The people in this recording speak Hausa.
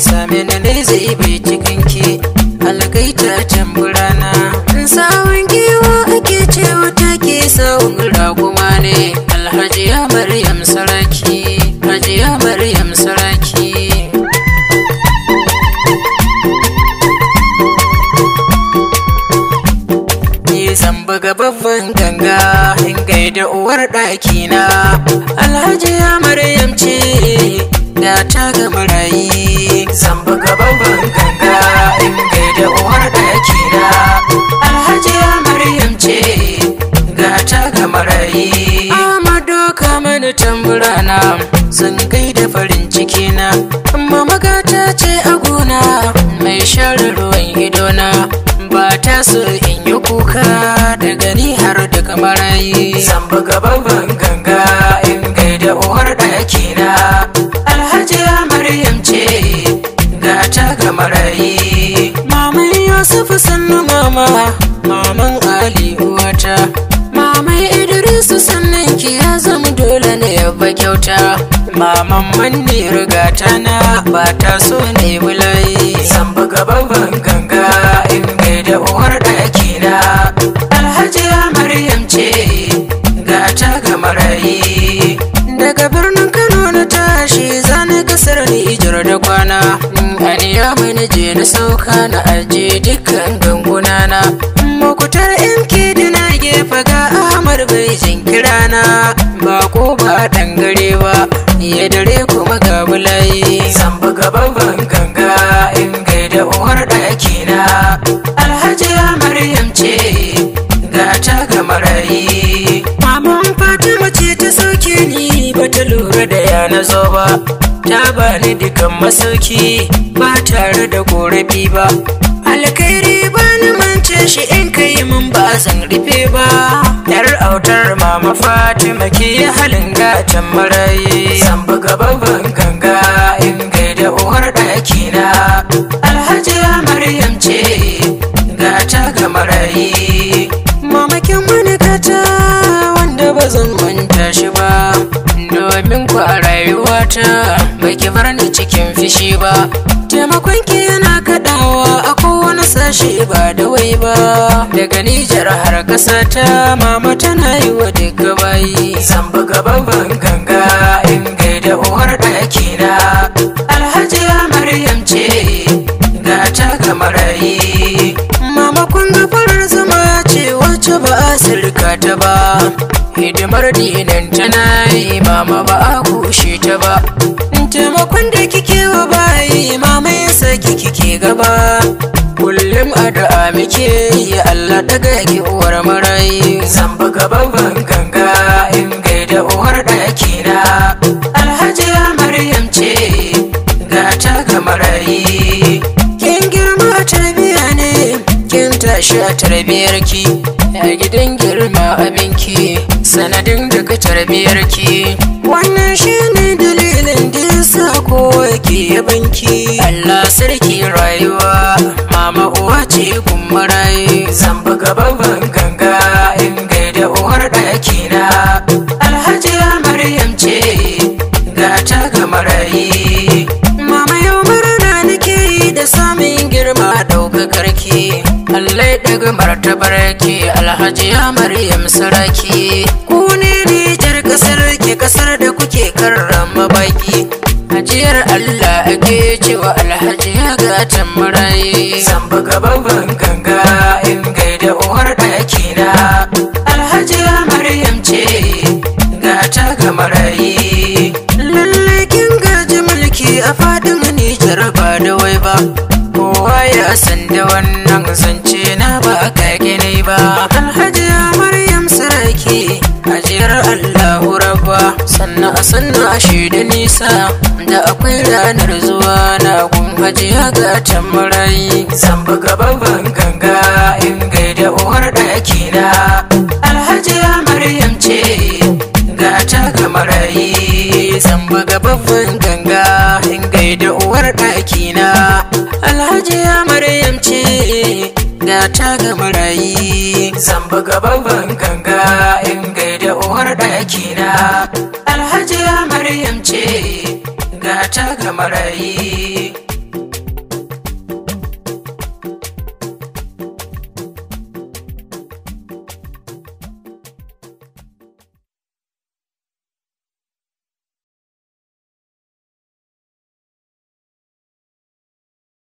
same ni dai zai bi cikin ki algaita tamburana in sawun kiwo ake cewa take sawun raguma ne alhajiya maryam saraki hajiya maryam saraki zamba ga babban ganga in gaida uwar ɗakina alhajiya maryam ce na ta gaba rayi, zan buga babban ganga in gaida uwar yake na alhaji maryam ce ga ta ga rayi. amado ka ni tambura na zan gaida farin ciki na amma magata ce a gona mai share ruwan na ba ta so in yi kuka daga ni har daga marayi zan buga babban ganga in gaida uwar ɗaki na Maryam ce gata ga marayi Maman Yusufu sannu mama maman Ali uwata Maman Idrisu sannan ki ya zama dole ne yabba kyauta Maman manne rigata na ba ta so ne bulayi Zan buga babban ganga in da uwar na a mini je na sauka na aje dukkan ganguna na makutar mk da na gefa ga ahmad bai jinkira na ba ko ba dangare ba ya dare kuma ga bulayi lura da ya zo ba ta bani dukan masauki ba tare da korafi ba alkairi ba na mance shi in kai min ba zan rufe ba yar autar mama fatima ke halin gatan marayi san buga babban ganga in gaida uwar ɗaki na alhaji maryam ce gata ga marayi mamakin mani kata wanda ba zan domin ku a rayuwata bai ki bar ni cikin fishi ba taimakon ki yana kaɗawa a kowane sashi ba da wai ba daga nijar har kasa ta mama tana yi wa duka bayi zan buga babban ganga in gaida uwar ɗaki na alhaji maryam ce ga ta kamar yi mama kun ga zama ce wacce ba asir ta ba hidimar dinan tana mama ba a kushe ta ba taimakon da kike wa bayi mama saki kike gaba kullum addu'a muke yi Allah daga ki uwar marai zan buga babban ganga in gaida uwar ɗakina. na alhaji maryam ce ga ta ga marayi kin girma biya ne kin tashi a tarbiyar ki a gidan girma ki sanadin daga tarbiyar ki wannan shine dalilin da yasa ko yake ki Allah sarki rayuwa mama uwa ce kuma rai zan buga babban ganga in gaida uwar ɗaki na Alhaji Maryam ce ga ta ga marayi mama yau murna nake da samun girma ɗaukakar ki allai daga martabar ki alhaji ya maryam saraki ku ne jar kasar ke kasar da kuke karrama baki hajiyar allah ake cewa alhaji ya gatan marayi san buga babban ganga in gaida uwar daki na alhaji ya maryam ce gata ga marayi Lallai kin gaji mulki a fadin nijar ba da wai ba kowa ya san da wannan zance na ba ka gini ba alhaji maryam sarki ajiyar allahu rabba sannan a sanna shi da nisa da akwai ranar zuwa na kun hajiya ga marayi zan buga babban ganga in gaida uwar ɗaki na alhaji maryam ce gata ga marayi zan buga babban ganga in gaida uwar ɗaki na ta ga rayi, zan buga babban ganga in gaida uwar ɗaki na alhaji maryam ce ga ta ga rayi.